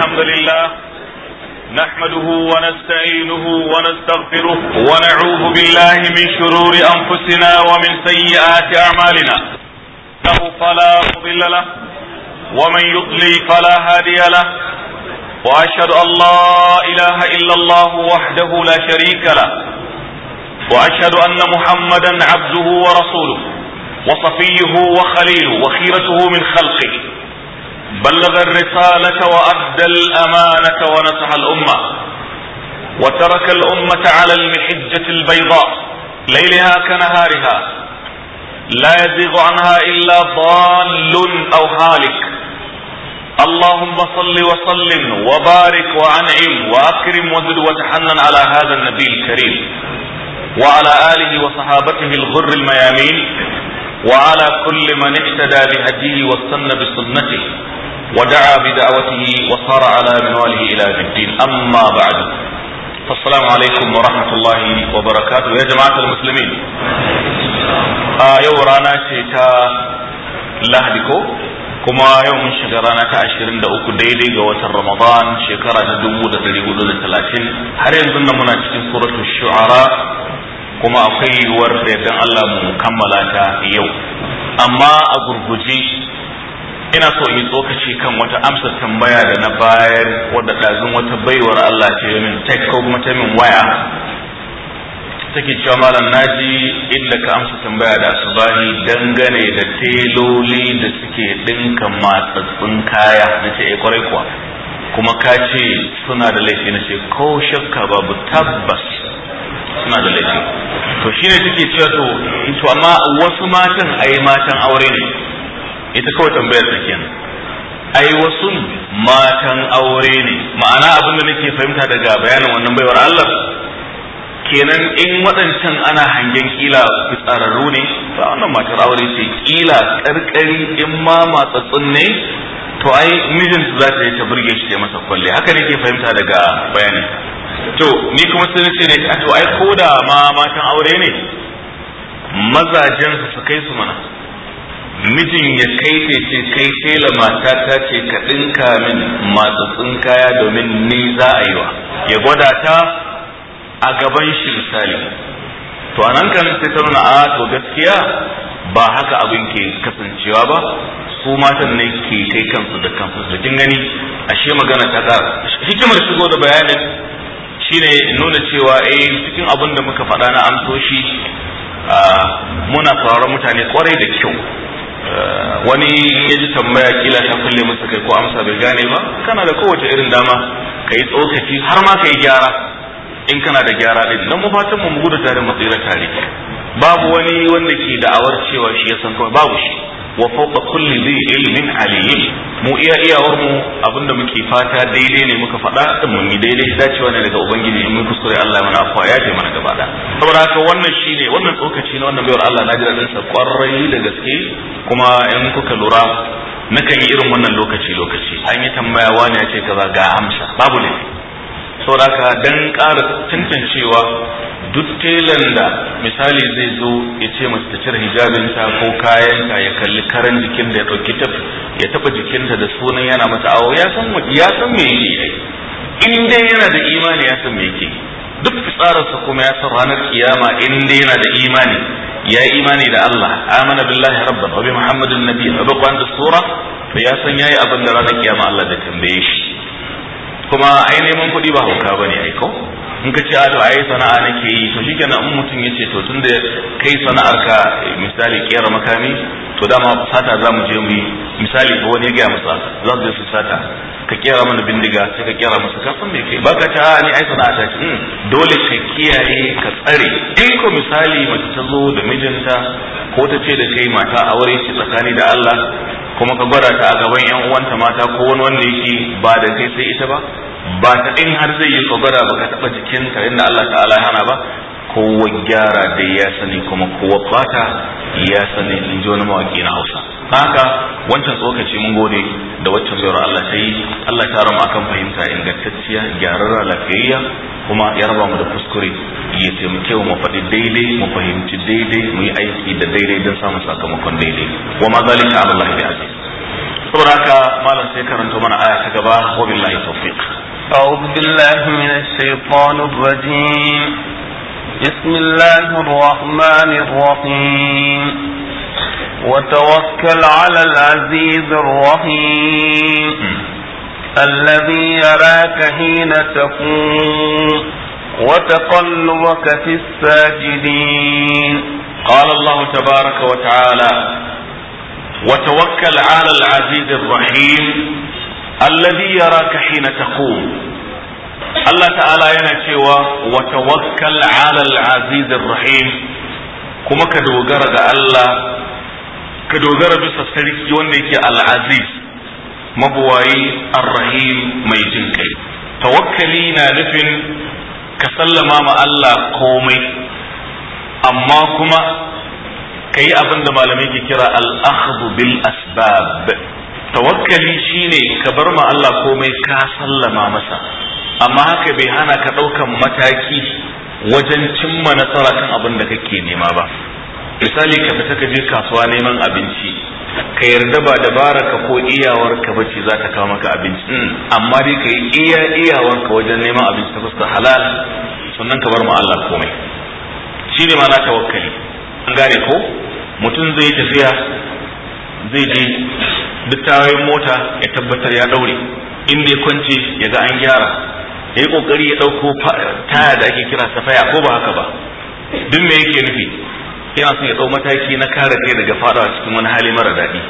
الحمد لله نحمده ونستعينه ونستغفره ونعوذ بالله من شرور أنفسنا ومن سيئات أعمالنا له فلا مضل له ومن يضلل فلا هادي له وأشهد أن لا إله إلا الله وحده لا شريك له وأشهد أن محمدا عبده ورسوله وصفيه وخليله وخيرته من خلقه بلغ الرسالة وأدى الأمانة ونصح الأمة وترك الأمة على المحجة البيضاء ليلها كنهارها لا يزيغ عنها إلا ضال أو هالك اللهم صل وسلم وبارك وأنعم وأكرم وزد وتحنن على هذا النبي الكريم وعلى آله وصحابته الغر الميامين وعلى كل من اهتدى بهديه واستنى بسنته ودعا بدعوته وصار على منواله إلى الدين أما بعد فالسلام عليكم ورحمة الله وبركاته يا جماعة المسلمين yau rana ce ta lahadi ko kuma yau mun shiga rana ta ashirin da uku daidai ga watan ramadan shekara ta dubu da dari hudu da talatin har yanzu na muna cikin suratul shu'ara kuma akwai yiwuwar da Allah mu kammala ta yau amma a gurguje ina so in yi tsokaci kan wata amsa tambaya da na bayar wadda ɗazun wata baiwar Allah ce min tek ko kuma ta min waya take cewa malam naji inda ka amsa tambaya da bani dangane da teloli da suke ɗinka matsatsun kaya na ce eh, kwarai kuwa kuma ka ce suna da laifi na ce ko shakka babu tabbas suna da laifi to shine take cewa to amma wasu matan ai matan aure ne ita kawai tambayar ta kenan ai wasu matan aure ne ma'ana abin da nake fahimta daga bayanin wannan baiwar Allah kenan in waɗancan ana hangen kila fitsararru ne ba wannan matar aure ce kila karkari in ma matsatsun ne to ai mijin za ta yi ta burge shi ta masa kwalle haka nake fahimta daga bayanin to ni kuma sun ce ne to ai koda ma matan aure ne mazajen su kai su mana mijin ya kai ce ce kai tela mata ta ce ka dinka min matsatsin kaya domin ni za a yi wa ya gwada ta a gaban shi misali to anan kan sai ta nuna a ah, to gaskiya ba haka abin ke kasancewa ba su matan ne ke kai kansu da kansu da kin gani ashe magana ta ƙara hikimar shigo da bayanin shine nuna cewa eh cikin abin da muka faɗa na amsoshi ah, muna fara mutane kwarai da kyau Eh, wani ya ji tambaya kila ta kulle masa kai ko amsa bai gane ba kana da kowace irin dama ka yi tsokaci har ma ka yi gyara in kana da gyara din nan mafatan mu gudu tare mu tsira tare babu wani wanda ke da'awar cewa shi ya san kawai babu shi wa fawqa kulli dhi ilmin alim mu iya iyawar mu abinda muke fata daidai ne muka faɗa din mun yi daidai dacewa ne daga ubangiji mun kuskure Allah mana afwa ya ce mana gaba da saboda haka wannan shine wannan tsokaci na wannan bayar Allah na ji dadin sa kwarai da gaske kuma in kuka lura nakan yi irin wannan lokaci lokaci an yi tambaya wani ya ce kaza ga amsa babu ne sauraka dan ƙara tantancewa duk telan da misali zai zo ya ce masu ta cire hijabinta ko kayanta ya kalli karan jikin da ya ɗauki taf ya taɓa jikinta da sunan yana mata awo ya san ya san me yake in dai yana da imani ya san me yake duk tsararsa kuma ya san ranar kiyama in dai yana da imani ya imani da Allah amana billahi rabban wa bi muhammadin nabiyyi wa bi qanda sura to ya san yayi abin da ranar kiyama Allah da tambaye shi kuma ai neman kuɗi ba hauka bane ai ko in ka ce ado to ai sana'a nake yi to shikenan in mutum yace to tunda kai sana'ar ka misali kera makami to dama sata za mu je mu yi misali ko wani ya gaya masa za su je su sata ka kera mana bindiga sai ka kera masa kafin me kai baka ta ni ai sana'a ta ce hmm, dole ka kiyaye ka tsare in ko misali mace ta zo da mijinta ko ta ce da kai mata aure ce tsakani da Allah kuma ka gwada ta a gaban yan uwanta mata ko wani wanda yake ba da kai sai ita ba ba ta in har zai yi kogara ba ka taba ta inda Allah ta'ala ya hana ba kowa gyara da ya sani kuma kowa bata ya sani in ji wani mawaki na Hausa haka wancan tsokaci mun gode da waccan zuwa Allah ta yi Allah ta rama akan fahimta ingantacciya gyararra lafiyayya kuma ya raba mu da kuskure ya taimake mu faɗi daidai mu fahimci daidai mu yi aiki da daidai don samun sakamakon daidai wa ma zalika ala Allah ya ji saboda haka malam sai karanta mana aya ta gaba wa billahi tawfiq a'udhu billahi minash shaitanir rajim bismillahir rahmanir rahim وتوكل على العزيز الرحيم الذي يراك حين تقوم وتقلبك في الساجدين قال الله تبارك وتعالى وتوكل على العزيز الرحيم الذي يراك حين تقوم الله تعالى yana وتوكل على العزيز الرحيم كما ka جرد ga ka dogara bisa sarki wanda yake al-aziz mabuwayi ar mai jin kai tawakkali na nufin ka sallama ma Allah komai amma kuma ka yi abin da malamai ke kira al bil asbab tawakkali shine ka bar ma Allah komai ka sallama masa amma haka bai hana ka ɗaukan mataki wajen cimma nasara kan abin da kake nema ba misali ka fita ka je kasuwa neman abinci ka yarda ba ka ko iyawarka bace za ta kawo maka abinci hmm, amma dai ka yi iya iyawarka wajen neman abinci ta fuskar halal sannan ka bar ma Allah komai shi ne ma na tawakkali an gane ko mutum zai tafiya zai je duk mota ya tabbatar ya daure inda ya kwance ya ga an gyara ya yi kokari ya dauko taya da ake kira safaya ko ba haka ba duk me yake nufi yana son ya ɗau mataki na kare kai daga fadawa cikin wani hali mara daɗi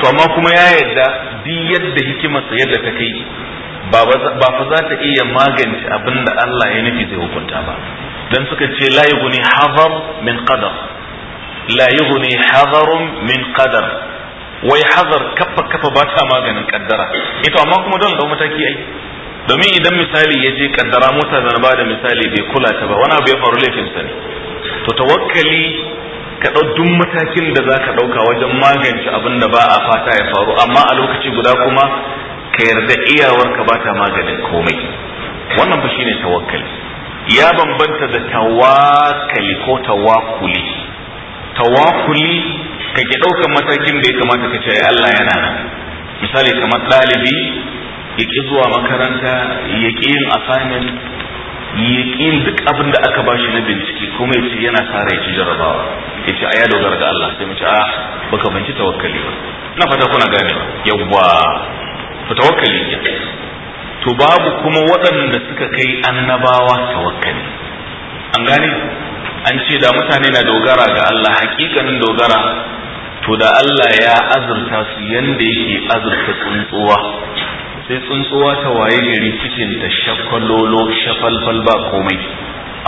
to amma kuma ya yarda duk yadda hikimarsa yadda ta kai ba fa za ta iya magance abin da Allah ya nufi zai hukunta ba dan suka ce la yughni hazar min qadar la yughni hazarun min qadar wai hazar kafa kafa ba ta maganin kaddara ita amma kuma don dau mataki ai domin idan misali ya je kaddara mota da ba da misali bai kula ta ba wani abu ya faru laifinsa ne to tawakkali ka ɗau duk matakin da za ka ɗauka wajen magance abin da ba a fata ya faru amma a lokaci guda kuma ka yarda iyawar ka bata maganin komai wannan ba shine tawakkali ya bambanta da tawakkali ko tawakkuli tawakkuli ka ke ɗaukan matakin da ya kamata ka ce Allah yana nan misali kamar ɗalibi ya ƙi zuwa makaranta ya ƙi yin assignment yaƙin duk abin da aka bashi na bincike kuma ya ce yana fara ya ci jarabawa ya ce a ya dogara ga Allah sai mu ce a ah, baka banci tawakkali ba ina fata kuna gane ba yawwa fa tawakkali ne to babu kuma waɗanda suka kai annabawa tawakkali an gane an ce da mutane na dogara ga Allah hakikanin dogara to da Allah ya azurta su yanda yake azurta tsuntsuwa sai tsuntsuwa ta waye gari cikin ta shakwalolo shafalfal ba komai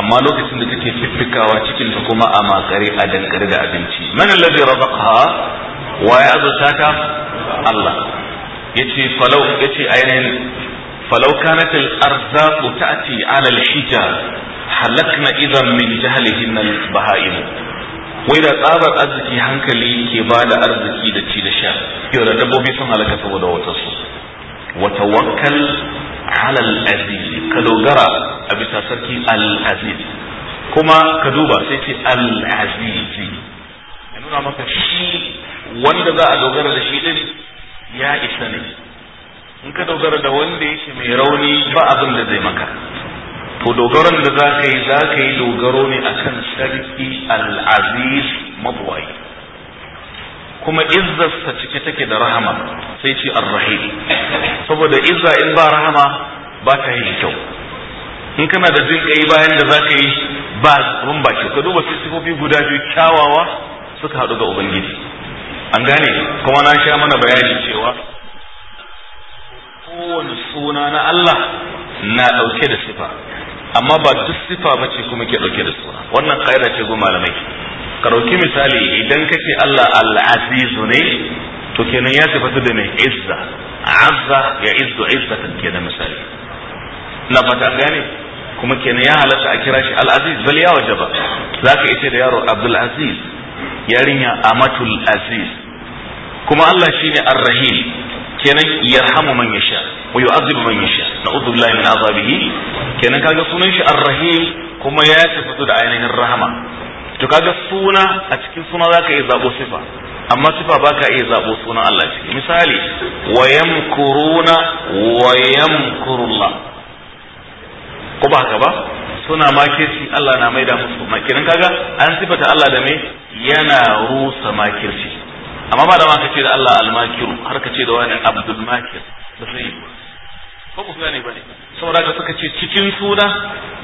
amma lokacin da take fiffikawa cikin ta kuma a makare a dankare da abinci man allazi rabaqaha wa ya azata ta Allah yace falau yace ainihin falau kanat al-arzaqu ta'ti 'ala al-hijar halakna idan min jahlihin al-baha'im wai da tsabar arziki hankali ke ba da arziki da ci da sha yau da dabbobi sun halaka saboda wata su Wata tawakkal ala al ka dogara a bisa sarki al kuma ka duba sai al'azizi. al maka shi wanda za a dogara da shi din ya isa ne in ka dogara da wanda yake mai rauni ba abin da zai maka to dogaran da za ka za ka yi dogaro ne akan sarki al-aziz mabwayi kuma izzar ta cike take da rahama sai ce arrahim saboda izza in ba rahama ba ta yi kyau in kana da jin kai bayan da zaka yi ba abin ba ka duba sifofi guda biyu kyawawa suka haɗu ga ubangiji an gane kuma na sha mana bayani cewa kowane suna na Allah na ɗauke da sifa amma ba duk sifa ba ce kuma ke ɗauke da suna wannan kaida ce go malamai ka ɗauki misali idan ka ce Allah al'azizu ne to kenan ya sifatu da mai izza azza ya izzu izzatan kenan misali na fata gane kuma kenan ya halatta a kira shi al'aziz bal ya waje ba za ka ita da yaro abdul aziz yarinya amatul aziz kuma Allah shine ar-rahim kenan yarhamu man yasha wa yu'adhibu man yasha na'udhu billahi min azabihi kenan kaga sunan shi ar kuma ya sifatu da ainihin rahama to kaga suna a cikin suna zaka iya zabo sifa amma sifa baka iya zabo suna Allah ciki misali wayan kuruna wayan kurula. ko ba haka ba suna makirci Allah na maida musu makirin kaga an sifata Allah da me yana rusa makirci amma ba da ma kace da Allah almakiru har ka ce da wani abdul makir da sai ko ku gane bane saboda da suka ce cikin suna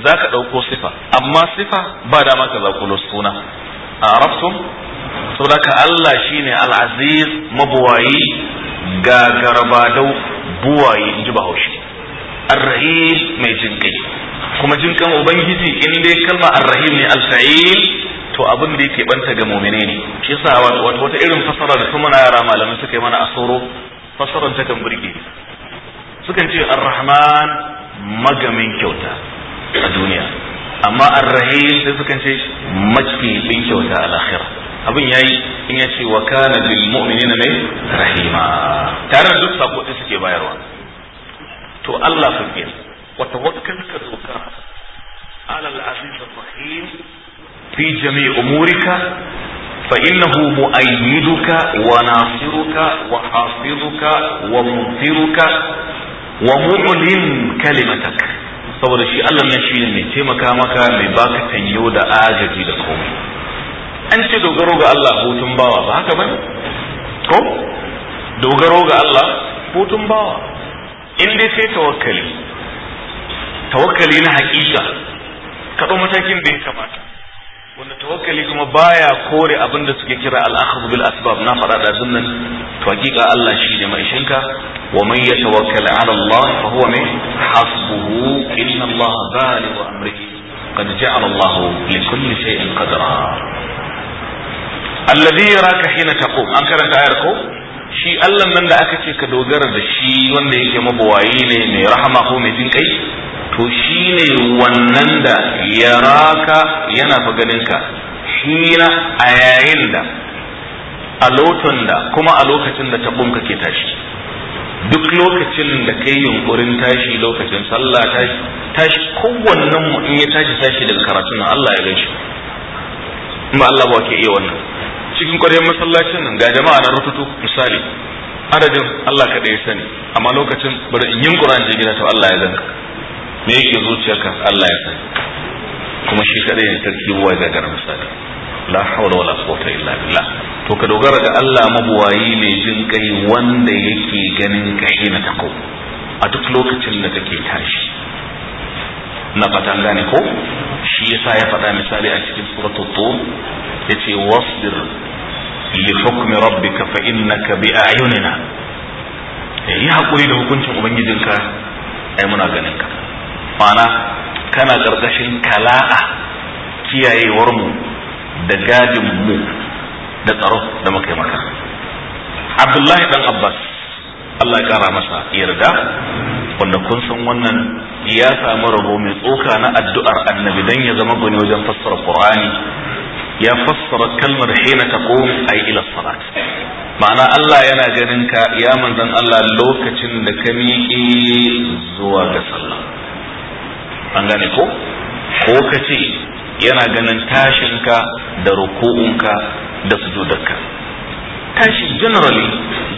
zaka ɗauko sifa amma sifa ba dama ka zakulo suna a arabtum saboda ka Allah shine al-aziz mabuwayi gagarbadau buwaye inji bahaushe ar-rahim mai jinkai kuma jinkan ubangiji in dai kalma ar-rahim ne al-sa'il to abin da yake banta ga mu'mine ne shi yasa wato wata irin fasara da kuma na yara malamai suka yi mana asoro fasaran ta kan burge sukan ce ar-rahman magamin kyauta a duniya amma ar-rahim sai sukan ce makiɗin kyauta a lahira abin yayi in ya ce wa kana lil mu'minina mai rahima tare da duk sako da suke bayarwa to Allah fakir wa tawakkal ka zuka ala al-aziz ar-rahim fi jami' umurika فإنه مؤيدك وناصرك وحافظك ومنصرك wa mu'lin kalimatak saboda shi Allah ne shine mai taimaka maka mai baka tanyo da agaji da komai an ce dogaro ga Allah hutun bawa ba haka bane ko dogaro ga Allah hutun bawa in dai sai tawakkali tawakkali na hakika ka mataki matakin da ya kamata wanda tawakkali kuma baya kore abin da suke kira al-akhdh bil asbab na fara da zunnan to hakika Allah shi ne mai shinka wa man yatawakkal ala Allah fa huwa min hasbuhu inna Allah baligh amrihi qad ja'ala Allah li kulli shay'in qadra alladhi yaraka hina taqum an karanta ayar ko shi Allah nan da aka ce ka dogara da shi wanda yake mabawayi ne mai rahama ko mai jin kai to shine wannan da ya raka yana fa ganinka hina a yayin da a lotun da kuma a lokacin da ka ke tashi duk lokacin da kai yunkurin tashi lokacin sallah tashi tashi kowannen mu in ya tashi tashi daga karatun nan Allah ya gan shi ba Allah ba ke iya wannan cikin ƙwaryar masallacin nan ga jama'a na rututu misali adadin Allah kaɗai ya sani amma lokacin bari in yunkura in je gida to Allah ya zanka me yake zuciyarka Allah ya sani kuma shi kadai ya sarki buwa ga garin misali la hawla wala quwwata illa billah to ka dogara ga Allah mabuwayi mai jin kai wanda yake ganin ka hina tako a duk lokacin da kake tashi na fatan gane ko shi yasa ya faɗa misali a cikin suratul tur yace wasbir li hukmi rabbika fa innaka bi ayunina yi hakuri da hukuncin ubangijinka ai muna ganin ka mana kana ƙarƙashin kala'a kiyayewar mu da gadin mu da tsaro da muka yi maka abdullahi dan abbas allah ya kara masa yarda wanda kun san wannan ya samu rabo mai tsoka na addu'ar annabi dan ya zama gani wajen fassara qur'ani ya fassara kalmar hina taqum ay ila salat ma'ana Allah yana ganin ka ya manzon Allah lokacin da ka miƙe zuwa ga sallah an gane ko ko ka ce yana ganin tashinka da ruku'unka da sujudarka tashi generally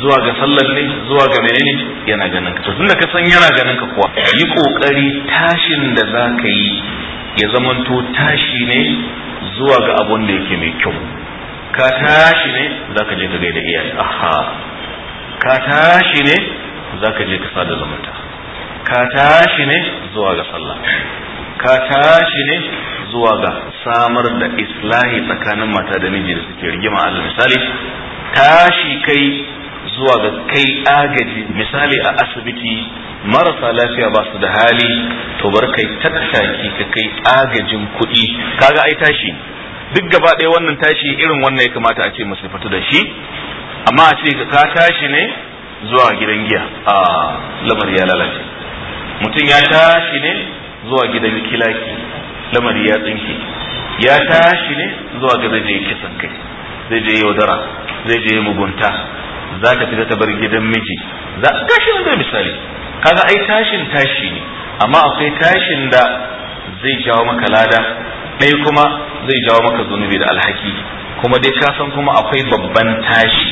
zuwa ga sallar ne zuwa ga menene yana ganin ka to tunda ka san yana ganin ka kuwa yi kokari tashin da za ka yi ya zamanto tashi ne zuwa ga abun da yake mai kyau ka tashi ne za ka je ka gaida iyaye aha ka tashi ne za ka je ka sada zamanta ka tashi ne zuwa ga sallah ka tashi ne zuwa ga samar da islahi tsakanin mata da miji da suke rigima Allah misali tashi kai zuwa ga kai agaji misali a asibiti marasa lafiya ba su da hali to bar kai tattaki ka kai agajin kuɗi kaga ai tashi duk gaba ɗaya wannan tashi irin wannan ya kamata a ce musu fita da shi amma a ce ka tashi ne zuwa gidan giya a ah, lamar ya lalace mutum ya tashi ne zuwa gidan kilaki lamari ya tsinki ya tashi ne zuwa ga zai je kisan kai zai je yaudara zai je mugunta za ta fita ta bar gidan miji za a tashi ne, misali kaga ai tashin tashi ne amma akwai tashin da zai jawo maka lada ɗaya kuma zai jawo maka zunubi da alhaki kuma dai ka san kuma akwai babban tashi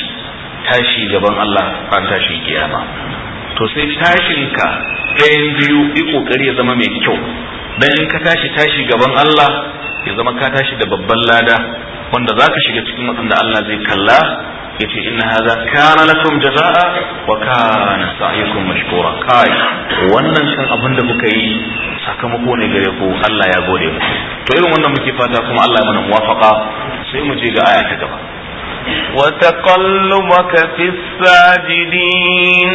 tashi gaban Allah an tashi kiyama to sai tashinka ɗayan biyu yi ƙoƙari ya zama mai kyau dan in ka tashi tashi gaban Allah ya zama ka tashi da babban lada wanda zaka shiga cikin waɗanda Allah zai kalla yace inna haza. kana lakum jazaa wa kana sa'yukum mashkura kai wannan kan abin da kuka yi sakamako ne gare ku Allah ya gode mu to irin wannan muke fata kuma Allah ya mana muwafaqa sai mu je ga aya ta gaba وتقلبك في الساجدين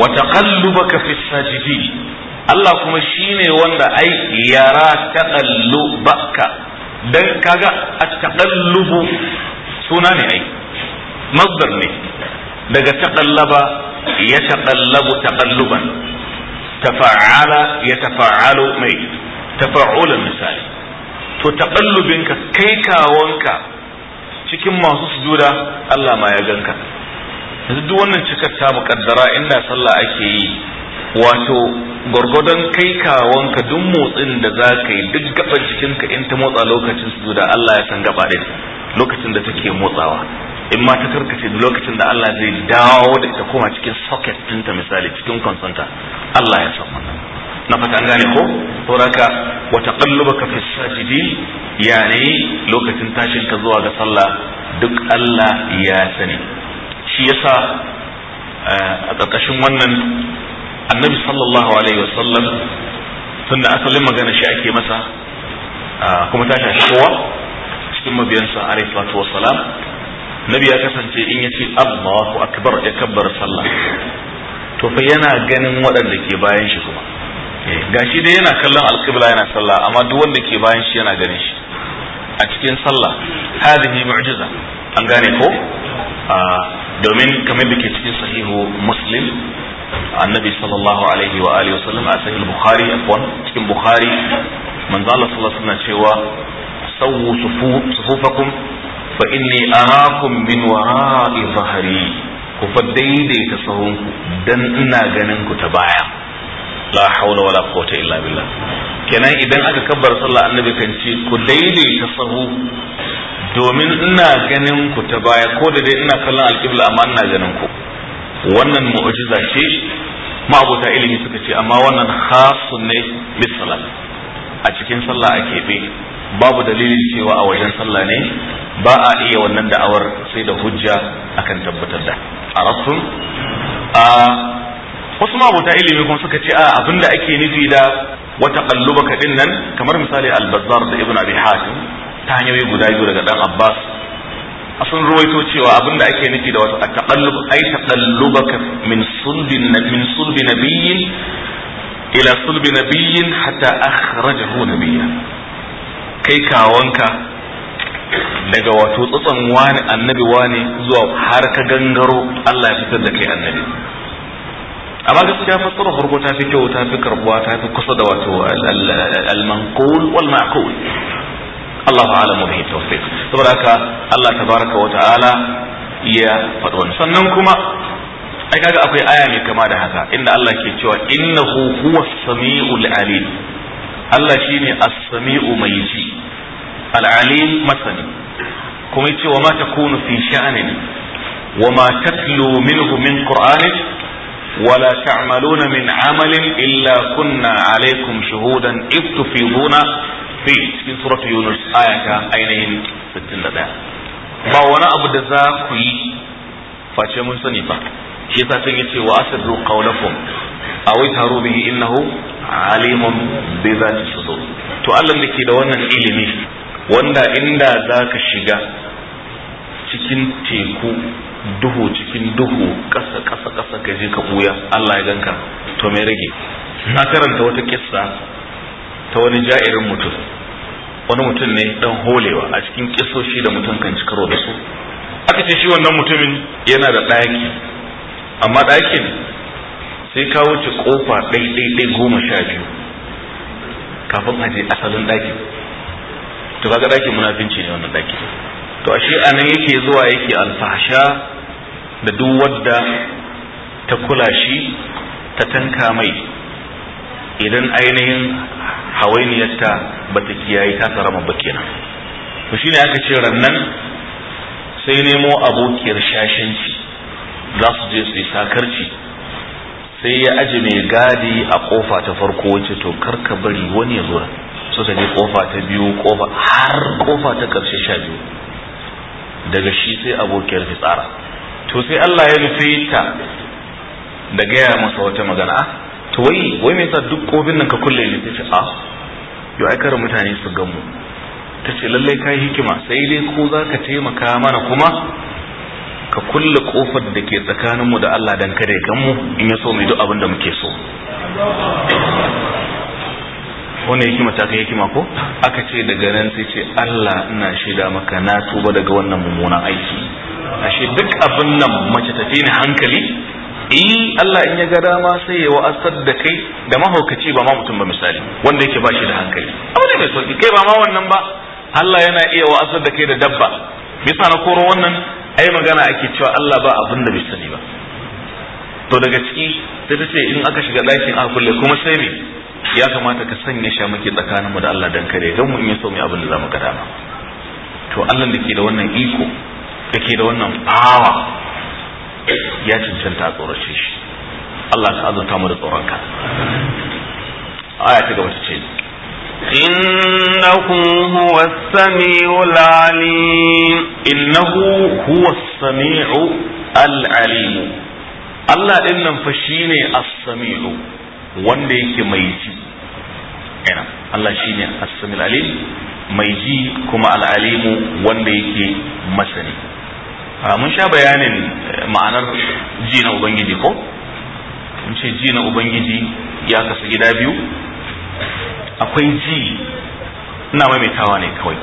وتقلبك في الساجدين الله Allah kuma shine wanda ai yara دن dan kaga سناني اي suna ne ai تقلب ne daga تفعل ya مي تفعل المثال ya تقلبك mai misali to taƙallubinka, kai kawanka cikin masu sujuda Allah ma ya ganka yanzu duk wannan cikar ta muƙaddara inda sallah ake yi wato gwargwadon kai kawanka duk motsin da za ka yi duk gaban jikinka in ta motsa lokacin su da Allah ya san gaba ɗin lokacin da take motsawa in ma ta karkace da lokacin da Allah zai dawo da ita koma cikin socket ɗinta misali cikin konsanta Allah ya san wannan na fata an gane ko saboda wa taqallubaka fi sajidin yani lokacin tashin ka zuwa ga sallah duk Allah ya sani shi yasa eh, a ƙarƙashin wannan annabi sallallahu alaihi wasallam tun da asalin magana shi ake masa kuma ta shafi kowa cikin mabiyansa alaihi salatu wassalam nabi ya kasance in ya ce allahu akbar ya kabbar sallah to fa yana ganin waɗanda ke bayan shi kuma eh, gashi dai yana kallon alƙibla yana sallah amma duk wanda ke bayan shi yana ganin shi a cikin sallah hadhihi mu'jiza an gane ko domin kamar da ke cikin sahihu muslim annabi sallallahu alaihi wa alihi wasallam a sahih bukhari afwan cikin bukhari manzo Allah sallallahu alaihi cewa sawu sufufakum fa inni araakum min wara'i zahri ku fa daidaita sahunku dan ina ganin ku ta baya la haula wala quwwata illa billah kenan idan aka kabbar Sallar annabi kan ce ku daidaita sahu domin ina ganin ku ta baya ko da dai ina kallon alƙibla amma ina ganin ku wannan mu'jiza ce ma'abota ilimi suka ce amma wannan khasun ne misalan. a cikin sallah a keɓe babu dalilin cewa a wajen sallah ne ba a iya wannan da'awar sai da hujja akan tabbatar da arabtum a wasu ma'abota ilimi kuma suka ce a abinda ake nufi da wata kallubaka kaɗin nan kamar misali albazar da ibn abi hatim ta hanyoyi guda biyu daga dan Abbas sun ruwaito cewa abinda ake nufi da wasu taqallub ay taqallubaka min sulbin min sulbi nabiyyin ila sulbi nabiyyin hatta akhrajahu nabiyya kai kawanka daga wato tsotson wani annabi wani zuwa har ka gangaro Allah ya fitar da kai annabi amma gaskiya fassara farko ta fi kyau ta fi karbuwa ta fi kusa da wato al-manqul wal ma'qul Allahu a'lamu bihi tawfiq saboda haka Allah tabaraka wa ta'ala ya faɗo sannan kuma ai kaga akwai aya mai kama da haka inda Allah ke cewa innahu huwas samiul alim Allah shine as-sami'u mai ji al-alim masani kuma yace wa ma takunu fi sha'nin wa ma tatlu minhu min qur'anin ولا تعملون من عمل إلا كنا عليكم شهودا إذ تفيضون fil cikin suratul yunus ayata ainihin 61 ba wani abu da za ku yi face mun sani ba shi yasa sun yace wa asirru qawlakum aw taru bihi innahu alimun bi zati sudur to Allah da ke da wannan ilimi wanda inda zaka shiga cikin teku duhu cikin duhu ƙasa kasa ƙasa ka je ka buya Allah ya ganka to me rage na karanta wata kissa ta wani ja'irin mutum wani mutum ne dan holewa a cikin kisoshi da mutum kan cikaro da su aka ce shi wannan mutumin yana da ɗaki amma ɗakin sai ka wuce kofa ɗai goma sha biyu kafin a je asalin ɗakin to kaga ɗakin munafinci ne wannan ɗakin to a shi anan yake zuwa yake alfahsha da duk wadda ta kula shi ta tanka mai idan ainihin hawainiyarta ba ta kiyaye ta tsarama ba kenan to shine aka ce rannan sai nemo abokiyar shashanci za su je su yi sakarci sai ya aje mai gadi a kofa ta farko wace to karka bari wani ya zura so ta je kofa ta biyu kofa har kofa ta karshe sha biyu daga shi sai abokiyar fitsara to sai Allah ya nufi ta da gaya masa wata magana to wai wai me yasa duk kofin nan ka kulle ne tace a ah, yo ai mutane su gan mu ta ce lallai kai hikima sai dai ko zaka taimaka mana kuma ka kulle kofar da ke tsakanin mu da Allah dan kada ya gan mu in ya so mu duk abin da muke so wani hikima ta kai hikima ko aka ce daga nan sai ce Allah ina shaida maka na tuba daga wannan mummunan aiki ashe duk abin nan mace tafi ni hankali eh Allah in ya ga dama sai ya wa'asar da kai da mahaukaci ba ma mutum ba misali wanda yake ba shi da hankali abu ne mai sauki kai ba ma wannan ba Allah yana iya wa'asar da kai da dabba bisa na koro wannan ai magana ake cewa Allah ba abin da bai sani ba to daga ciki sai ta ce in aka shiga ɗakin a kulle kuma sai me ya kamata ka sanya muke tsakanin mu da Allah dan kare don mu in ya mu abin da zamu ga dama to Allah da ke da wannan iko da ke da wannan power ya cancanta a tsorace shi Allah ka azurta mu da tsoronka aya ta gaba ta ce إنه هو السميع العليم إنه هو السميع alim Allah din nan fa shine ne as-sami'u wanda yake mai ji ina Allah shi ne as-sami'ul alim mai ji kuma al-alimu wanda yake masani Ah, mun sha bayanin eh, ma'anar ji na ubangiji ko mun ce ji na ubangiji ya kasu gida biyu akwai ji ina maimaitawa ne kawai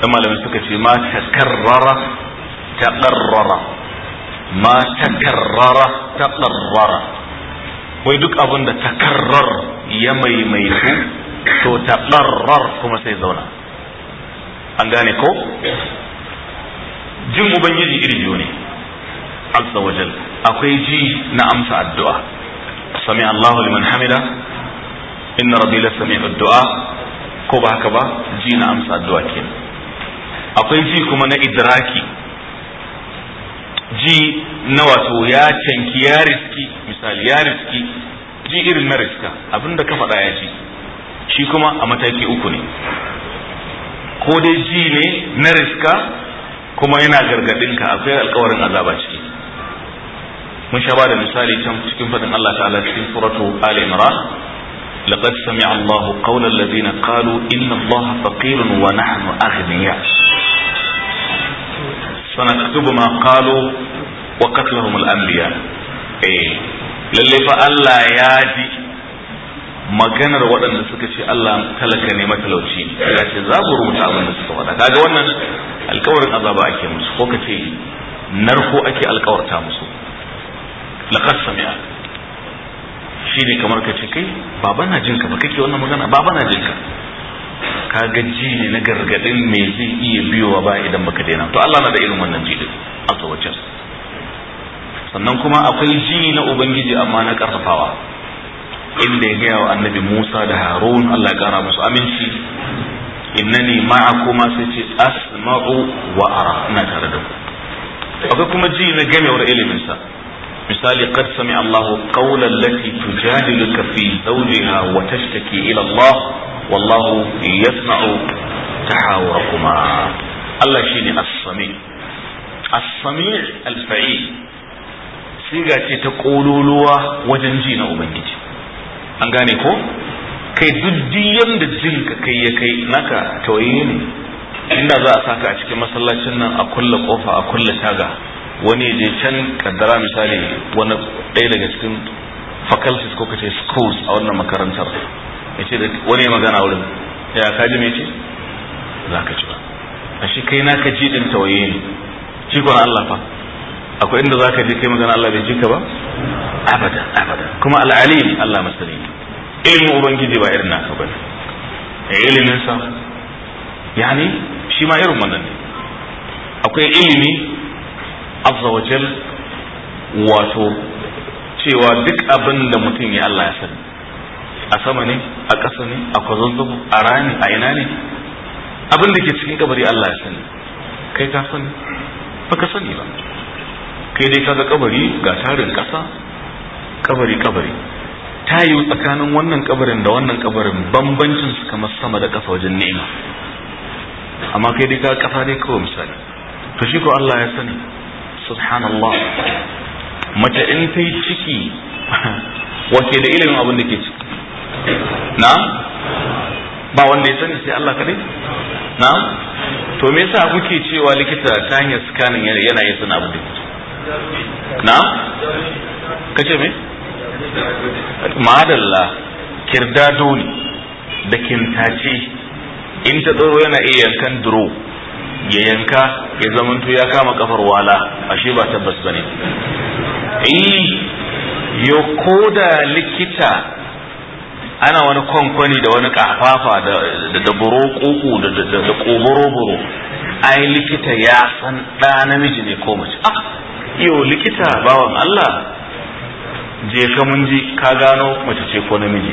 dan malamin suka ce ma takarrara takarrara ma takarrara takarrara wai duk abin da takarrar ya maimaitu to takarrar kuma sai zauna an gane ko jin ubangiji iri biyu ne azza wajal akwai ji na amsa addu'a sami Allahu liman hamida inna rabbi la sami'u addu'a, ko ba haka ba ji na amsa addu'a kenan akwai ji kuma na idraki ji na wato ya canki ya riski misali ya riski ji irin na riska abinda ka faɗa ya ji shi kuma a mataki uku ne ko dai ji ne na riska kuma yana gargadin ka akwai alkawarin azaba ciki mun sha da misali can cikin fadin Allah ta'ala cikin suratu Ali Imran laqad sami'a Allahu qawla alladhina qalu inna Allaha faqirun wa nahnu aghniya sanaktubu ma qalu wa qatlahum al-anbiya eh lalle fa Allah ya ji maganar waɗanda suka ce Allah talaka ne matalauci ya ce za mu rubuta abin da suka faɗa kaga wannan alkawarin azaba ake musu ko ka ce narko ake alkawarta musu laqad sami'a shi ne kamar ka ce kai baba na jin ka ba kake wannan magana baba na jin ka kaga ji ne na gargadin me zai iya biyowa ba idan baka daina to Allah na da irin wannan ji din a sannan kuma akwai ji na ubangiji amma na karfafawa inda ya gaya wa annabi Musa da Harun Allah ya kara musu aminci innani ma'akuma sai ce asma'u wa ara ina tare da ku akwai kuma ji na gamewar ilimin sa misali qad sami Allahu qawlan lati tujadiluka fi zawjiha wa tashtaki ila Allah wallahu yasma'u tahawurakuma Allah shine as-sami as-sami al-fa'il siga ce ta kololuwa wajen ji na ubangiji an gane ko kai duk diyan da jin ka kai ya kai naka tawayi ne inda za a saka a cikin masallacin nan a kulla kofa a kulla taga wani je can kaddara misali wani ɗaya daga cikin faculties ko kace schools a wannan makarantar ya ce da wani magana wurin ya kaji me ce za ka ci ba a shi kai naka din tawayi ne Ci kwan Allah fa akwai inda zaka je kai magana Allah bai ji ka ba abada abada kuma al-alim Allah masani ilimin ubangiji ba irin naka bane eh, ilimin sa yani shi ma irin wannan ne akwai ilimi azza wa jal wato cewa duk abin da mutum ya Allah ya sani a sama ne a ƙasa ne a kwazazzabu a rani a ina ne abin da ke cikin kabari Allah ya sani kai ka sani baka sani ba kai dai kaga kabari ga tarin kasa kabari kabari ta yi tsakanin wannan kabarin da wannan kabarin bambancin su kamar sama da kasa wajen ni'ima amma kai dai kaga kasa dai kawai misali to shi ko Allah ya sani subhanallah mace in ta yi ciki wace da ilimin abin da ke ciki na ba wanda ya sani sai Allah kadai na to me yasa kuke cewa likita ta hanyar scanning yana yin sana abin da ke na kace me madalla kirda ne da kintace in ta tsoro yana iya yankan duro ya yanka ya zamanto ya kama kafar wala ashe ba tabbas bane eh yo koda likita ana wani kwankwani da wani kafafa da da da da da ai likita ya san ɗa namiji ne ko mace ah, iyo likita bawan Allah je ka mun ji ka gano mace ce ko namiji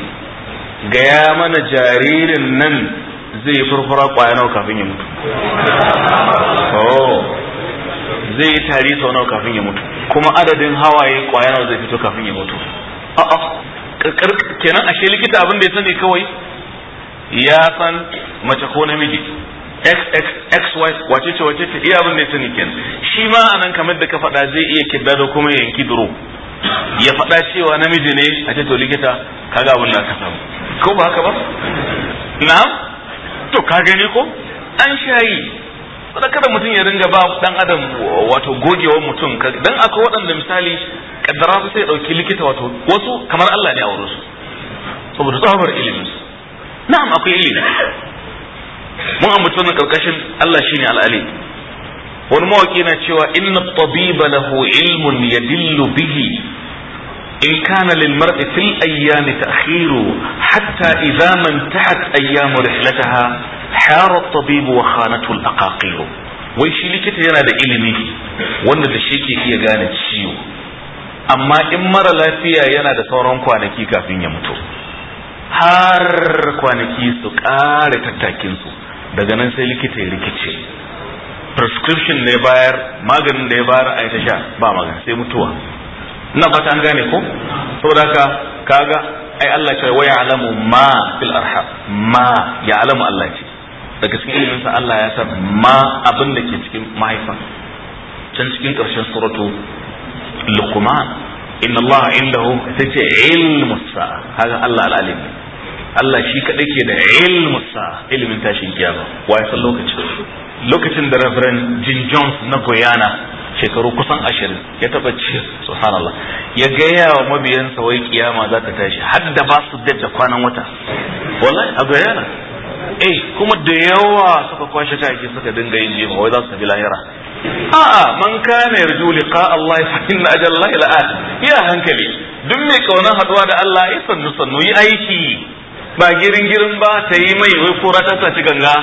gaya mana jaririn nan zai furfura kwaya nawa kafin ya mutu oh, zai yi tari sau nawa kafin ya mutu kuma adadin hawaye kwaya nawa zai fito kafin ya mutu a kenan ashe likita abin da ya sani kawai ya san mace ko namiji xxxy wacece ce iya abin da ya sani kenan shi ma anan kamar da ka faɗa zai iya kidda da kuma yanki duro ya faɗa cewa namiji ne a ce to likita kaga abin da ka samu ko ba haka ba na'am to ka gani ko an shayi saboda kada mutum ya ringa ba dan adam wato gogewar mutum dan akwai waɗanda misali kaddara su sai dauki likita wato wasu kamar Allah ne a wurin su saboda tsabar ilimin na'am akwai ilimi mun ambaci wannan karkashin Allah shine al'alim wani mawaki na cewa inna tabiba lahu ilmun yadillu bihi in kana lil mar'i fil ayyami ta'khiru hatta idza man tahat ayyamu rihlataha hara at-tabib wa khanatu al-aqaqir wai shi likita yana da ilimi wanda da shi ke iya gane ciwo amma in mara lafiya yana da sauran kwanaki kafin ya mutu har kwanaki su ƙara tattakinsu daga nan sai likita ya rikice prescription ne bayar maganin da ya bayar a ita sha ba magana sai mutuwa ina fata an gane ko saboda ka kaga ai Allah ce waya alamu ma fil arham ma alamu Allah ce daga cikin ilimin sa Allah ya san ma abin da ke cikin mahaifa can cikin karshen suratu luqman inna Allah indahu tace ce sa haka Allah al-alim Allah shi kaɗai ke da ilmusa ilimin tashin kiyama wa ya san lokacin lokacin da Reverend Jim Jones na Guyana shekaru kusan ashirin ya taɓa ce subhanallah ya gaya wa mabiyansa wai kiyama za ta tashi har da ba su da kwanan wata wallahi a Guyana eh kuma da yawa suka kwashe kayaki suka dinga yin jima wai za su tafi lahira a'a man kana yarju liqa Allah fa inna ajallahi la'at ya hankali duk mai kaunar haduwa da Allah ya sannu sannu yi aiki ba girin girin ba ta yi mai wai kura ta ci ganga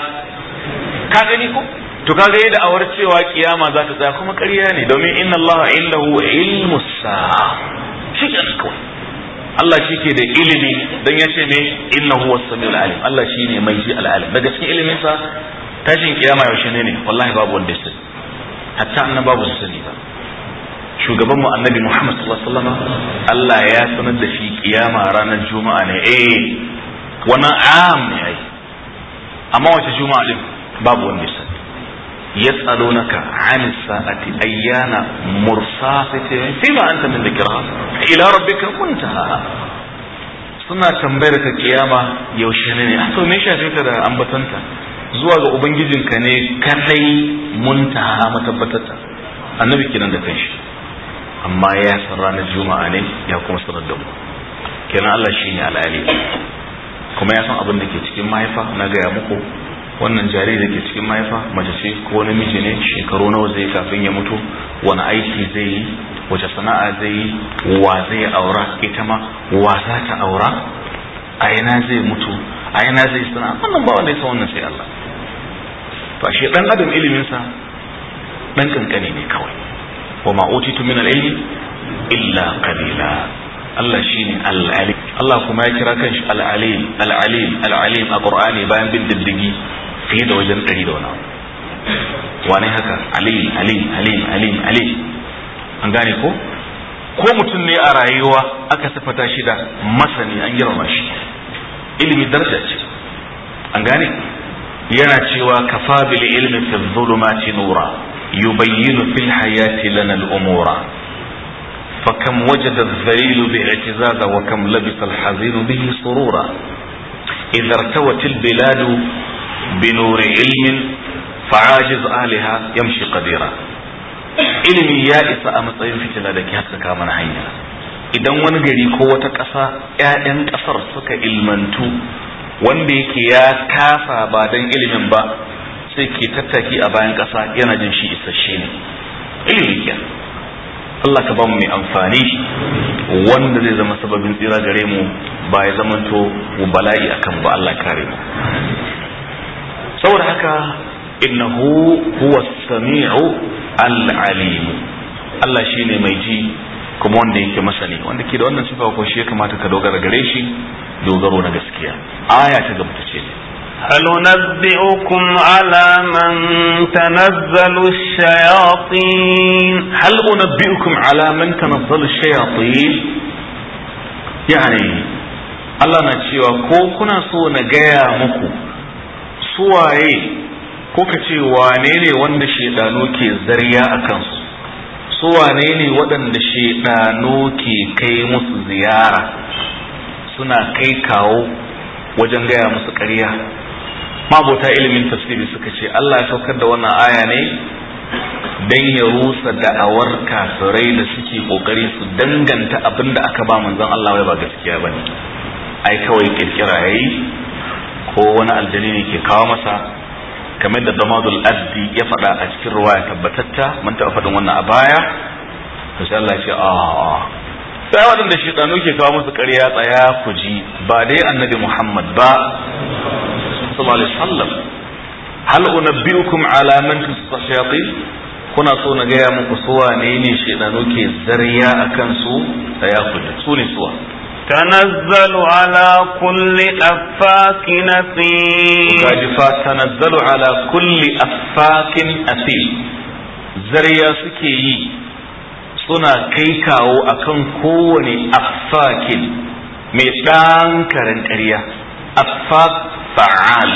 ka gani ko to kaga da awar cewa kiyama za ta tsaya kuma ƙarya ne domin inna Allah illahu ilmu sa shi kawai Allah shi ke da ilimi don ya ce me inna huwa samiul alim Allah shi ne mai ji al'alim daga cikin ilimin sa tashin kiyama yaushe ne ne wallahi babu wanda ya sani hatta annabi babu su sani ba shugaban mu annabi Muhammad sallallahu alaihi wasallam Allah ya sanar da shi kiyama ranar juma'a ne eh wannan am ne ai amma wace juma'a din babu wanda ya sani ka 'an sa'ati ayyana Mursa, ma an anta da kira ila ka kunta suna tambayar ka kiyama yaushe ne a ah, to me shafe ka da ambatanta zuwa ga ubangijinka ne kadai muntaha matabbatata annabi kiran da kanshi amma ya san ranar juma'a ne ya kuma sanar da mu kenan Allah shine al'ali kuma ya san abin da ke cikin mahaifa na gaya muku wannan jariri da ke cikin mahaifa mace ce ko miji ne shekaru nawa zai kafin ya mutu wani aiki zai yi wace sana'a zai yi wa zai aura ita ma wa za ta aura a yana zai mutu a yana zai sana'a wannan ba wanda ya san wannan sai Allah to shi dan adam ilimin sa dan kankane ne kawai wa ma utitu min al-ilmi illa qalila Allah shi ne al'al'im. Allah kuma ya kira kan shi al'al'im, al'al'im, al'al'im a Qur'ani bayan bin diddigi fiye da wajen ɗari da wani haka alim alim alim alim alim an gane ko ko mutum ne a rayuwa aka sifata shi da masani an girma shi ilimi daraja ce an gane yana cewa kafa bil ilmi fi dhulumati nura yubayyinu fil hayati lana al-umura فكم وجد الذليل باعتزازا وكم لبث الحزين به سرورا إذا ارتوت البلاد بنور علم فعاجز أهلها يمشي قديرا ilimi ya isa a matsayin fitila da ke haska kamar hanya idan wani gari ko wata ƙasa 'ya'yan ƙasar suka ilmantu wanda yake ya kasa ba don ilimin ba sai ke tattaki a bayan ƙasa yana jin shi isasshe ne Ilimin kenan Allah ka ba mu mai amfani wanda zai zama sababin tsira gare mu ba ya zama zamanto bala'i akan ba Allah kare mu saboda haka innahu huwa sami'u al-alim Allah shine mai ji kuma wanda yake masani wanda ke da wannan sifa ko shi ya kamata ka dogara gare shi dogaro na gaskiya aya ta gaba ta ce هل ننبئكم على من تنزل الشياطين هل أنبئكم على من تنزل الشياطين يعني Allah na cewa ko kuna so na gaya muku suwaye ko ka ce wane ne wanda shedano ke zarya a kansu suwane ne waɗanda shedano ke kai musu ziyara suna kai kawo wajen gaya musu ƙarya mabota ilimin tafsiri suka ce Allah ya saukar da wannan aya ne dan ya rusa da awar kafirai da suke kokari su danganta abin da aka ba manzon Allah wai ba gaskiya bane ai kawai kirkira yayi ko wani aljani ne ke kawo masa kamar da damadul addi ya faɗa a cikin ruwaya tabbatatta mun taɓa faɗin wannan a baya to sai Allah ya ce a ah, sai shi shidanu ke kawo masu ƙarya tsaya ku ji ba dai annabi Muhammad ba صلى الله عليه وسلم هل أنبئكم على من تسقى الشياطين؟ كنا صونا جاية من قصوى نيني شئنا نوكي الزرياء كان سوء فيا سوني سوى تنزل على كل أفاك نثيم تنزل على كل أفاك أثيم زرياء سكي صنا كيكا وأكن كوني أفاك ميتان كرن أريا أفاك fa'al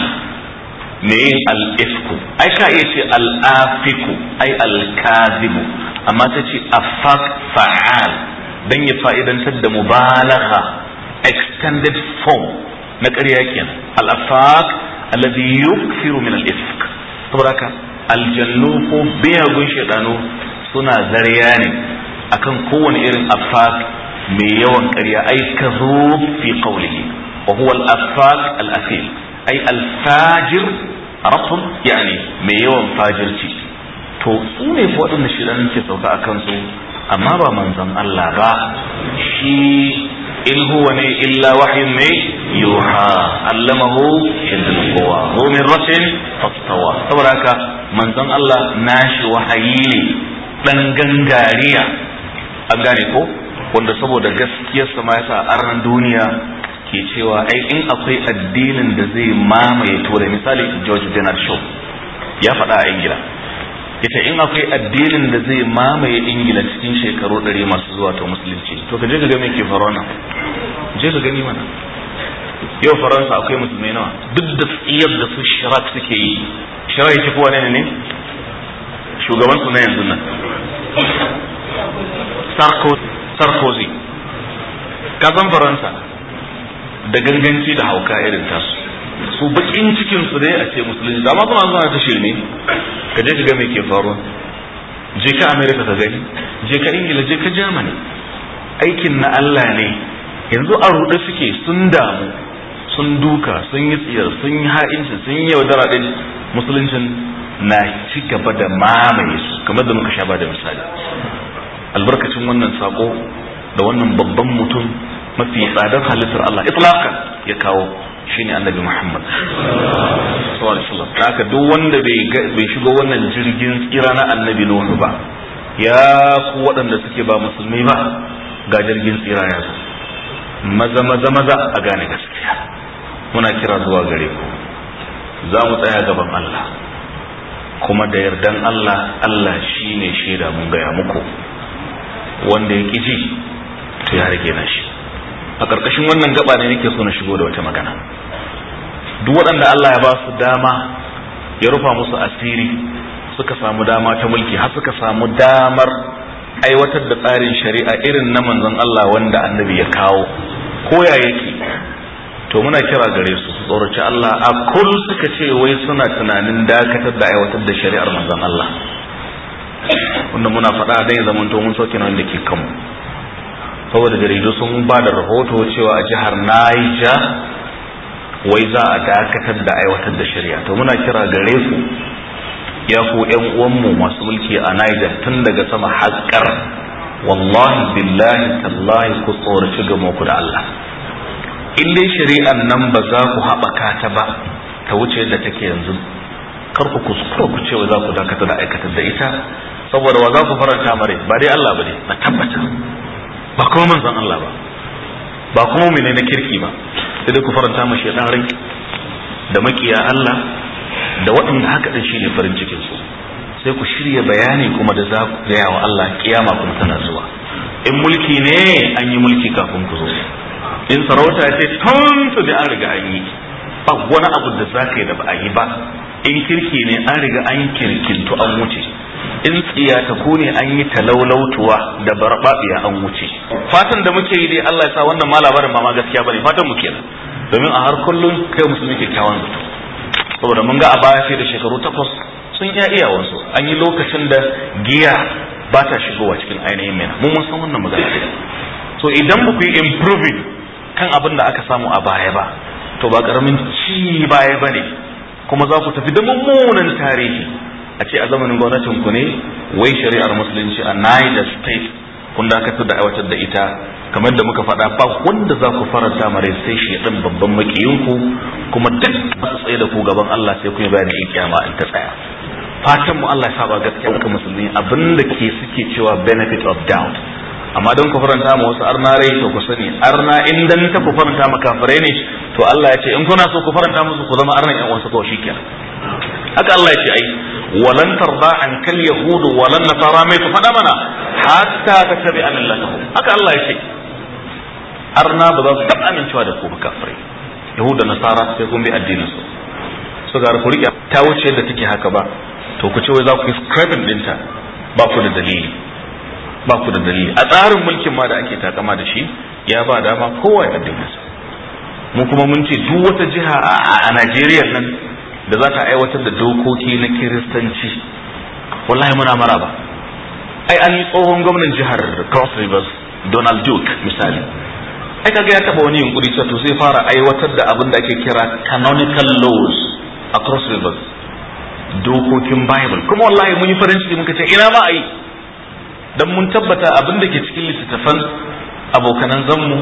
me yin al'ifku Aisha iya ce al'afiku ai alkazibu amma ta ce afak fa'al don ya fa'idantar da mubalagha extended form na ƙarya kenan al'afak alladhi yukthiru min al'ifk saboda haka aljannu ko biyagun shaidanu suna zariya ne akan kowane irin afak mai yawan ƙarya ai kazub fi qawlihi wa huwa al-afak al-asil ai alfajir rafun yani mai yawan fajirci to su ne ko waɗanda shi ke sauka a kansu amma ba manzon Allah ba shi in huwa ne illa wahyin ne yuha allamahu shadidul quwa hu min rasin fastawa saboda haka manzon Allah nashi wahayi ne dan gangariya an gane ko wanda saboda gaskiyar sa ma yasa arnan duniya ke cewa ai in akwai addinin da zai mamaye turai misali george bernard shaw ya faɗa a ingila ita in akwai addinin da zai mamaye ingila cikin shekaru ɗari masu zuwa ta musulunci to ka je ka ga me ke faruwa je ka gani mana yau faransa akwai musulmai nawa duk da tsiyar da su shirak suke yi shirak yake kowa ne ne shugaban su na yanzu nan sarkozy ka san faransa da ganganci da hauka irin tasu su bakin cikin su dai a ce musulunci da ma suna zuwa ta ne. ka je ka ga ke faruwa je ka amerika ka gani je ka ingila je ka germany aikin na allah ne yanzu a ruɗe suke sun damu sun duka sun yi tsiyar sun yi ha'inci sun yi yaudara ɗin musuluncin na ci gaba da mamaye su kamar da muka sha ba da misali albarkacin wannan sako da wannan babban mutum mafi tsadar halittar Allah itlaqan ya kawo shine annabi Muhammad sallallahu alaihi wasallam duk wanda bai shigo wannan jirgin tsira na annabi Nuhu ba ya ku waɗanda suke ba musulmi ba ga jirgin tsira ya zo maza maza maza a gane gaskiya muna kira zuwa gare ku za mu tsaya gaban Allah kuma da yardan Allah Allah shine shaida mun gaya muku wanda ya ƙi ji ya rage na shi a ƙarƙashin wannan gaba ne nake so na shigo da wata magana duk waɗanda Allah ya ba su dama ya rufa musu asiri suka samu dama ta mulki har suka samu damar aiwatar da tsarin shari'a irin na manzon Allah wanda annabi ya kawo ko ya yake to muna kira gare su su tsoraci Allah a kul suka ce wai suna tunanin dakatar da aiwatar da shari'ar manzon Allah Wannan muna faɗa dai zamanto mun sauke na wanda ke kanmu saboda jaridu sun ba da rahoto cewa a jihar Niger wai za a dakatar da aiwatar da shari'a to muna kira gare ku ya ku yan uwanmu masu mulki a Niger tun daga sama haskar. wallahi billahi tallahi ku tsoraci gama ku da Allah in dai shari'an nan ba za ku haɓaka ta ba ta wuce yadda take yanzu kar ku kuskura ku cewa za ku dakatar da aikatar da ita saboda wa za ku faranta mare ba dai Allah ba ne na tabbata ba kuma manzon Allah ba ba kuma mu ne na kirki ba sai dai ku faranta mu shaitan rai da makiya Allah da waɗanda haka din shine farin cikin su sai ku shirya bayani kuma da za ku gaya wa Allah kiyama kuma tana zuwa in mulki ne an yi mulki kafin ku zo in sarauta ce tun su da an riga an yi ba wani abu da za ka yi da ba a yi ba in kirki ne an riga an kirkintu an wuce in tsiya ta kone an yi talaulautuwa da barbabiya an wuce fatan da muke yi dai Allah ya sa wannan ma labarin ba ma gaskiya bane fatan mu kenan domin a har kullun kai musu muke kyakkyawan zato saboda mun ga a baya sai da shekaru takwas sun iya iyawansu an yi lokacin da giya ba ta shigowa cikin ainihin mena mun san wannan magana so idan ba ku yi improving kan abin da aka samu a baya ba to ba karamin ci baya bane kuma za ku tafi da mummunan tarihi a ce a zamanin gwamnatin ku ne wai shari'ar musulunci a Niger state kun dakatar da aiwatar da ita kamar da muka faɗa ba wanda za ku faranta mare sai shi ɗan babban makiyinku kuma duk ba su tsaye da ku gaban Allah sai ku yi bayani in kiyama in ta tsaya fatan mu Allah ya saba gaskiya ga musulmi abinda ke suke cewa benefit of doubt amma don ku faranta ma wasu arna rai to ku sani arna in dan ta ku faranta ma kafirai ne to Allah ya ce in kuna so ku faranta musu ku zama arna ɗan uwansu to shikenan haka Allah ya ce ai walan tarda an kal yahudu walan nasara mai su faɗa mana hatta ta tabi amillatahum haka Allah ya ce arna ba za su taɓa amincewa da ku ba kafirai yahuda nasara sai kun bi addinin su su ga ku riƙe ta wuce yadda take haka ba to ku ce wai za ku yi scraping ɗinta ba ku da dalili a tsarin mulkin ma da ake takama da shi ya ba dama kowa addinin sa mu kuma mun ce duk wata jiha a Najeriya nan da za ta aiwatar da dokoki na kiristanci wallahi muna mara ba. ai an yi tsohon gwamnan jihar cross rivers donald duke misali ai kaga ya taba wani yunkuri cewa to zai fara aiwatar da abin da ake kira canonical laws a cross rivers dokokin bible kuma wallahi mun yi farin ciki muka ce ina ma ai dan mun tabbata abin da ke cikin littattafan abokanan zanmu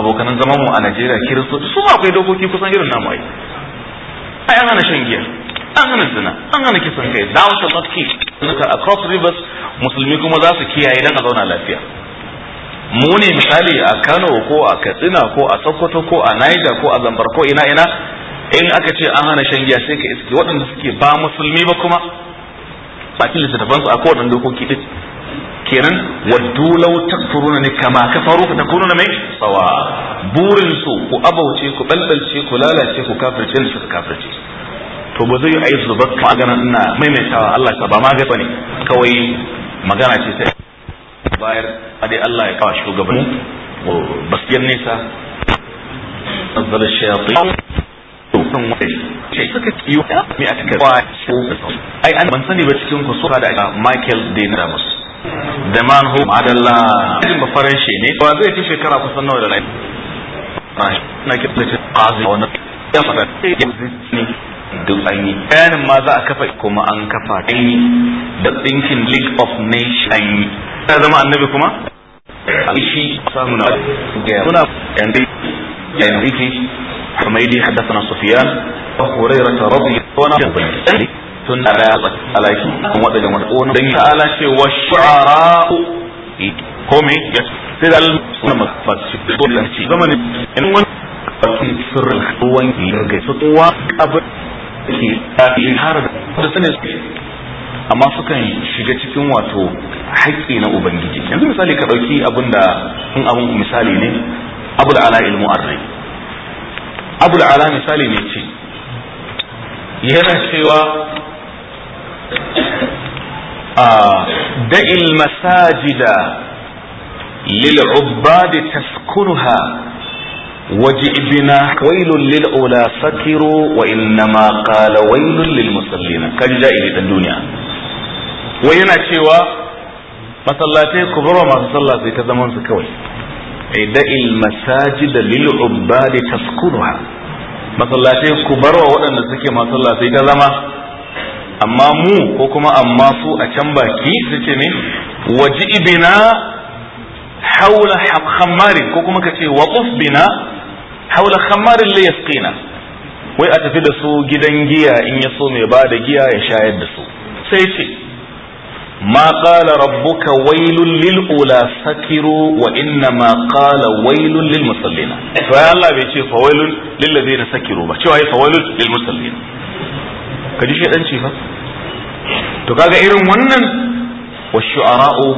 abokanan zamanmu a Najeriya kiristoci su akwai dokoki kusan irin namu ai ai an hana shan giya an hana zina an hana kisan kai thou shall not suka across rivers musulmi kuma za su kiyaye dan a zauna lafiya mu ne misali a Kano ko a Katsina ko a Sokoto ko a Niger ko a Zambar ko ina ina in aka ce an hana shan giya sai ka iske waɗanda suke ba musulmi ba kuma bakin littattafansu a kowane dokoki ɗin kenan waddu law takfuruna ni kama kafaru fa takununa mai sawa burin su ku abauce ku balbalce ku lalace ku kafirce da suka kafirce to ba zai ayi zubar ka ga nan ina maimaitawa Allah ta ba ma ga bane kawai magana ce sai bayar ade Allah ya kawo shugaban basiyar nesa nazzala shayatin sun wani ce suka kiyo mai a cikin ai an ban sani ba cikin ku suka da Michael Dinamus da man hu adalla irin ba farin shi ne ba zai ci shekara kusan nawa da rai ah, ba na ki da kazi wannan ya fara ya ne duk an yi bayanin ma za a kafa kuma an kafa an yi da thinking league of nation an yi ta zama annabi kuma shi samu na ga muna yan dai yan dai kuma yi haddathana sufyan wa hurairah radiyallahu anhu tun da ya alaki kun wada da wani ƙono dan ta'ala ce wa ko me ya sai da shi ko dole ci zamanin in wani sun sirrin ruwan ga su tsuwa abin ke tafi har da sanin amma sukan shiga cikin wato haƙƙi na ubangiji yanzu misali ka ɗauki abin da in abin misali ne abul ala ilmu abu abul ala misali ne ce yana cewa دع المساجد للعباد تسكنها وجئبنا ويل للأولى سكروا وإنما قال ويل للمصلين كان جائل الدنيا وينا شوى masallatai ku bar masu sallah sai ta zaman su kawai da'il masajid lil ubbadi taskunuha masallatai ku bar waɗanda suke masu sallah ta zama amma mu ko kuma amma su a can baki su ce ne waji ibina haula khammarin ko kuma ka ce wa bina haula khammarin la yasqina wai a tafi da su gidan giya in ya so mai ba da giya ya shayar da su sai ce ma qala rabbuka wailul lil ula sakiru wa inna ma qala wailul lil musallina to Allah bai ce fa wailul lil ladina sakiru ba cewa fa wailul lil musallina ka ji shi dan ce fa to kaga irin wannan wa shu'ara'u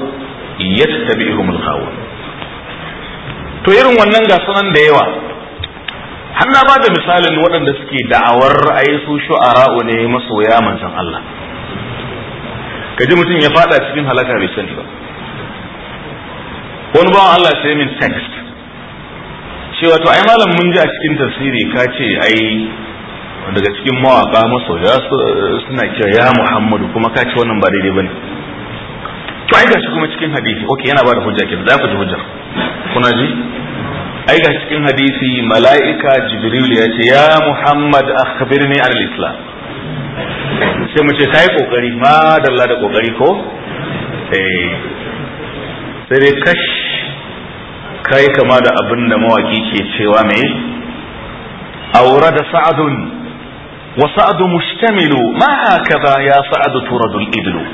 yattabi'uhum al-ghawun to irin wannan ga sunan da yawa har na ba da misalin waɗanda suke da'awar ra'ayi su shu'ara'u ne masoya manzon Allah kaji mutum ya fada cikin halaka bai sani ba wani bawan Allah sai min text cewa to ai malam mun ji a cikin tafsiri ka ce ai daga cikin mawaka masoya suna cewa ya muhammadu kuma ka ci wannan ba daidai bane to ai gashi kuma cikin hadisi okay yana bada hujja kenan za ku ji hujjar kuna ji ai gashi cikin hadisi mala'ika jibril ya ce ya muhammad akhbirni al islam sai mu ce kai kokari ma dalla da kokari ko eh sai dai kash kai kama da abin da mawaki ke cewa me Aura da sa'adun Wasu وسعد مشتمل ما هكذا يا tura ترد الإبل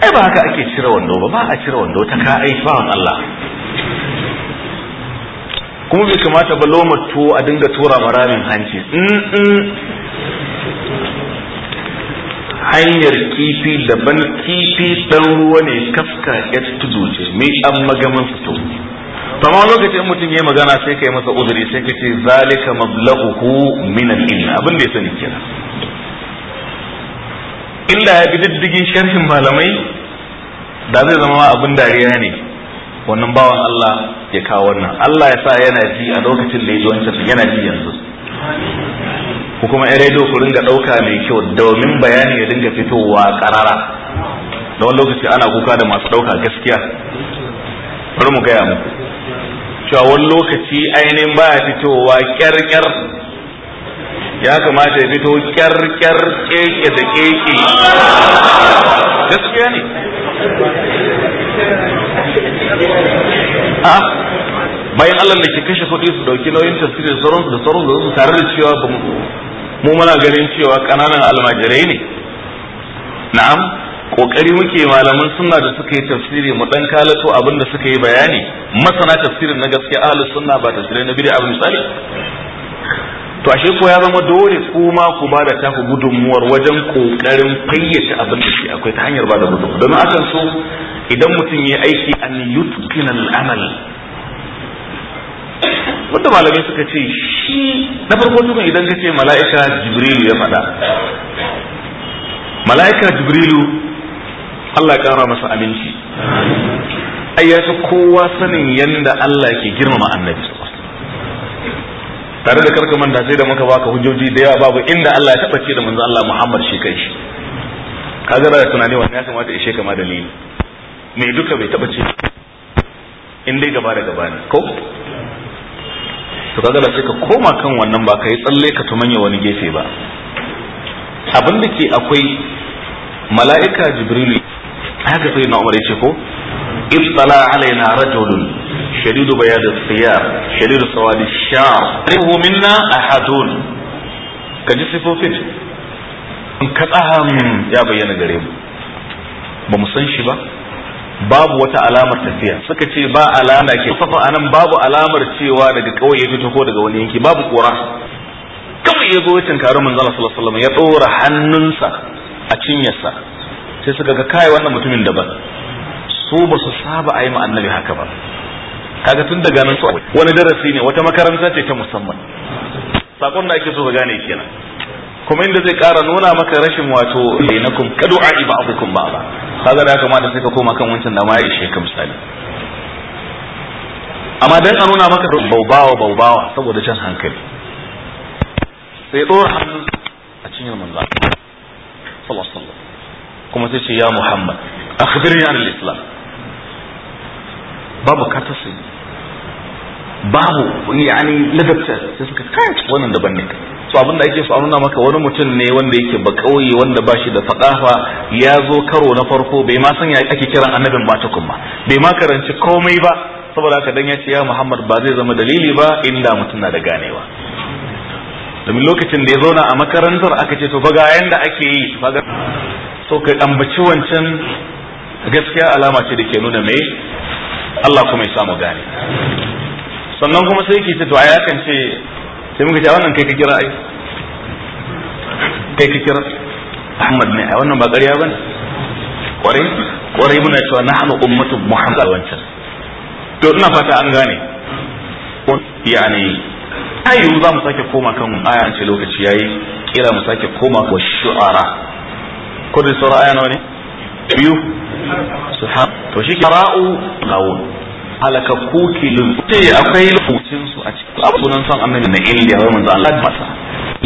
ai ba haka ake cire wando ba ba a cire wando ta ka ai bawan Allah kuma bai kamata ba lomar a dinga tura maramin hanci hanyar kifi daban kifi dan ruwa ne kafka ya tudu ce mai an magaman fito tamam lokacin mutum ya magana sai kai masa uzuri sai kace zalika mablaghuhu min al-ilm abin da ya sani kira illa ya bi diddigin sharhin malamai da zai zama abin dariya ne wannan bawan Allah ya kawo wannan Allah ya sa yana ji a lokacin da ya wancan yana ji yanzu ku kuma yan rediyo ku ringa ɗauka mai kyau domin bayani ya dinga fitowa ƙarara da wani lokaci ana kuka da masu ɗauka gaskiya bari mu gaya muku cewa wani lokaci ainihin baya fitowa kyarkyar ya kamata ya fito kyarkyar keke da keke gaskiya ne ah, bayan Allah da ke kashe kuɗi su dauki nauyin tafsiri da sauransu da sauransu da su tare da cewa mu muna ganin cewa ƙananan almajirai ne na'am kokari muke malaman sunna da suka yi tafsiri mu dan kalato abin da suka yi bayani masana tafsirin na gaske ahlus sunna ba tafsirin na bid'a misali to ashe ko ya zama dole kuma ku ba da taku gudunmuwar wajen kokarin fayyace abin da ke akwai ta hanyar ba da gudu don akan so idan mutum ya aiki an yutkina al'amal wanda malamai suka ce shi na farko tukun idan ka ce mala'ika jibrilu ya faɗa mala'ika jibrilu Allah ya kara masa aminci ai ya fi kowa sanin yanda Allah ke girmama annabi tare da karka manta sai da muka baka hujjoji da yawa babu inda Allah ya taba ce da manzo Allah Muhammad shi kai shi kaga da tunani wannan ya kamata ishe kama dalili me duka bai taba ce in dai gaba da gaba ne ko to kaga da sai ka koma kan wannan ba kai tsalle ka tumanya wani gefe ba abin da ke akwai mala'ika jibrilu haka sai na umar yace ko ibtala alaina rajulun shadidu bayad siyar shadidu sawadi shar rihu minna ahadun kaji sifofin in ka hmm, ya bayyana gare mu ba mu san shi ba babu wata alamar tafiya suka ce ba alama ke safa anan babu alamar cewa daga kawai ya fito ko daga wani yanki babu kora kawai ya zo ya tunkari manzala sallallahu alaihi wasallam ya ɗora hannunsa a cinyarsa sai suka ga kai wannan mutumin daban su ba su saba a yi annabi haka ba kaga tun daga nan su wani darasi ne wata makaranta ce ta musamman sakon da ake so ka gane kenan kuma inda zai kara nuna maka rashin wato bainakum eh, kadu a iba abukum ba ba kaga da kamata sai ka koma kan wancan da ma ya ishe ka misali amma dan a nuna maka baubawa baubawa saboda can hankali sai dora hannun a cinyar manzo sallallahu alaihi wasallam kuma sai ce ya muhammad akhbirni an islam babu katasi babu yani ladabta sai suka kai wannan daban ne so abin da ake so nuna maka wani mutum ne wanda yake ba kauye wanda ba shi da fadafa ya zo karo na farko bai ma san ya ake kiran annabin ba tukun bai ma karanci komai ba saboda haka dan ya ce ya Muhammad ba zai zama dalili ba inda mutum na da ganewa domin lokacin da ya zauna a makarantar aka ce to fa ga yanda ake yi to ka ambaci wancan gaskiya alama ce da ke nuna mai Allah kuma ya samu gane sannan kuma sai ke ce to ai akan ce sai muka ce wannan kai ka kira ai kai ka kira Ahmad ne a wannan ba ƙarya bane kwarai kwarai muna cewa nahnu ummatu Muhammad wancan to ina fata an gane yani ayu za mu sake koma kan aya an ce lokaci yayi kira mu sake koma ko shu'ara ko da aya nawa ne biyu subhan to shi ra'u akwai su a cikin abunan son annabi na illiya wai manzo Allah masa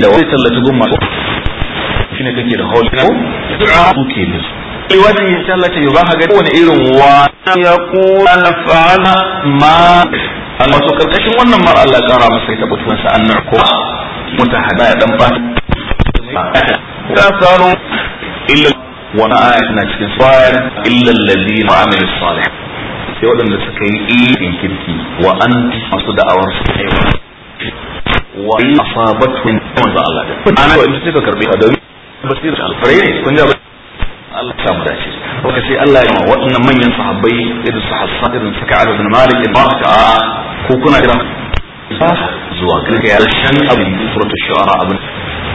da wai gumma shine kake da hawli ko kukilun wajen yin ba ka ga wani irin wa ya ma karkashin wannan mar Allah kara masa ita butun sa إلا وما أعنا اتصال إلا الذين عمل الصالح سوى دم لسكي إيه إن كنتي وأنت أصد أور سكي وإن أصابت من أمان ذا الله أنا وإن سيكا كربي أدوي بس يرش الفريني كنجا بس الله سام داشي وكسي الله يما وإن من ينصح بي إذ صح الصدر من سكي عدد من مالك إذ بارك آه كوكونا جرام زواج لكي على الشن أبن سورة الشعراء أبن